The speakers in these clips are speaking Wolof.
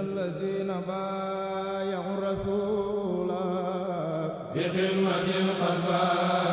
الذين بايعوا الرسول بخدمة قد بايعوا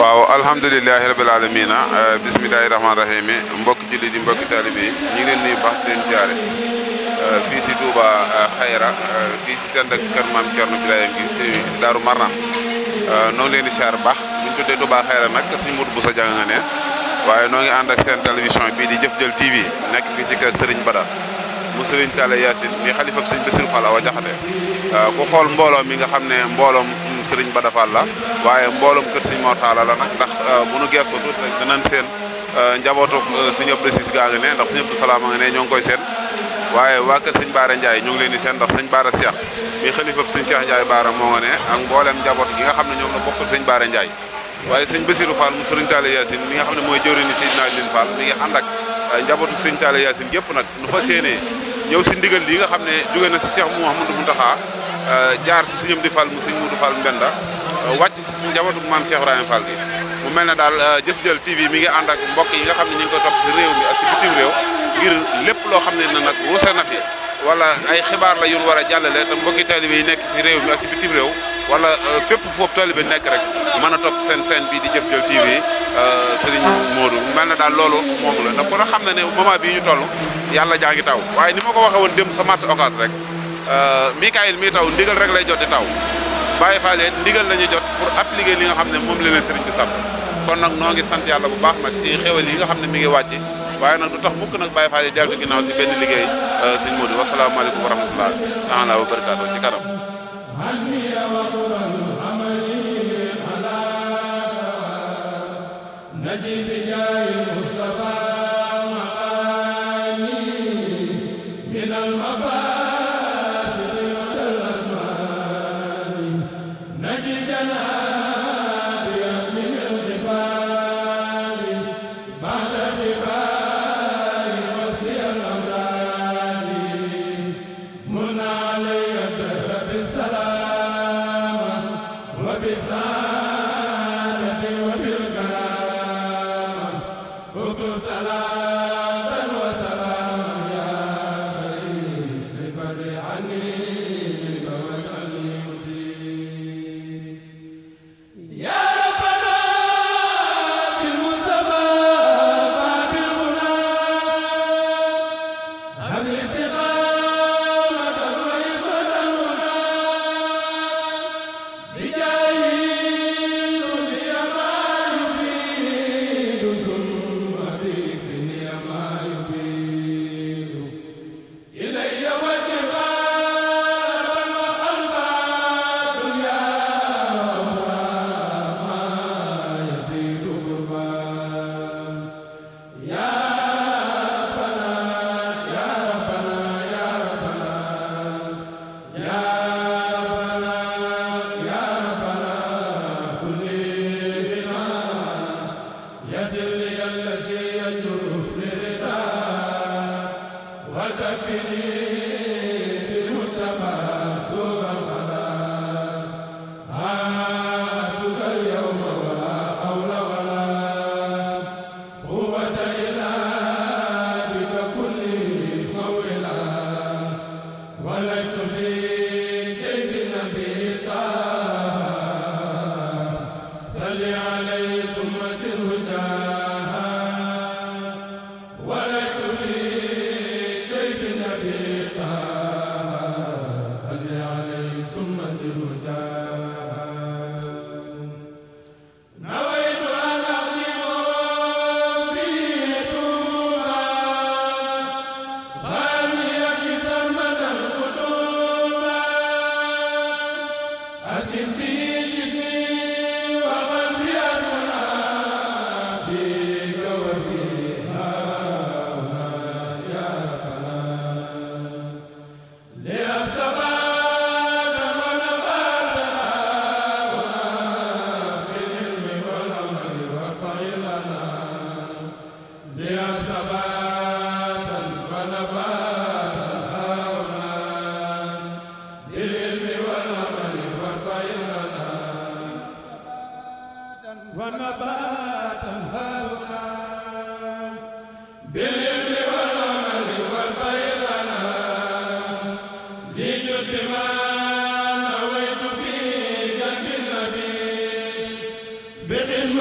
waaw alhamdulilahi rabil alamina eh, bisimilahi rahmaani rahim mbokki jullit yi mbokki taalibe yi ñu ngi leen nuyu baax di leen siyaare eh, fii si Touba Xayra eh, fii si tend ak kër maam Cerno Birahim gi si Daaru Marnaan noon ngi leen di siyaar baax bu ñu tuddee Touba Xayra nag suñu mut bu sa jàng nga ne waaye noo ngi ànd seen télévision bii di Jëf Jël TV nekk fii si kër Serigne Badar mu Serigne Talla Yacine mi xalifab Serigne Bassirou Fall Awa Jaxate ku xool mbooloo mi nga xam ne mbooloom Serigne Bada Fall la waaye mbooloom kër Serigne Mor Talla la nag ndax euh, bu nu geestu tuuti rek seen euh, njabootu euh, Serigne Abdou Cissé gaa ngi ne ndax Serigne Abdou Salaam a ngi ne ñoo ngi koy seen waaye waa kër Serigne Baara Ndiaye ñu leen di seen ndax Serigne Baara Cheikh mi xalifab Serigne Cheikh Ndiaye moo nga ne ak mbooleem nga xam ne ñoom la bokkal Serigne Baara Ndiaye waaye Serigne Bassirou Fall mu Serigne Talla Yacine nga xam ne mooy jëwriñu Seydina Aliou Fall mi ngi ànd ak njabootu Serigne Talla Yacine yëpp ñëw si ndigal lii nga xam ne jóge na si Cheikh Mouhamadou Mountakha Euh, jaar si sëñam di Fall mu sëñ Moudou Fall Mbenda euh, wàcc si si njabootu maam Cheikh Ibrahima Fall mu mel ne daal euh, Jëf Jël TV mi ngi ànd ak mbokk yi nga xam ne ñu ngi koy topp si réew mi ngir lépp loo xam ne na nag ruuse na fi wala ay xibaar la yu war a jàllale te mbokki yi nekk si réew mi ak réew wala fépp foofu taalibe nekk rek mën a topp seen seen bi di Jëf Jël TV sëriñ Modou mel na daal loolu moom la ndax kon xam na ne moment bii ñu toll yàlla jaa ngi taw waaye ni ma ko waxee woon démb sa marché occas rek Mikael mi taw ndigal rek lay jotté taw Baye Fall ndigal lañu jot pour appliquer li nga xamné mom la leen serigne bi sapp kon nak noo ngi sant yalla bu baax nak ci xewal yi nga xamné mi ngi wàcce waye nak du tax mukk nak Baye Fall yi deltu ginnaaw si benn liggéey serigne Modou wa salaamu alaykum wa rahmatulah taala wa barakatuh ci karam نجي بجاه المصطفى bokk salaam هدفني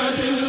Muhammadin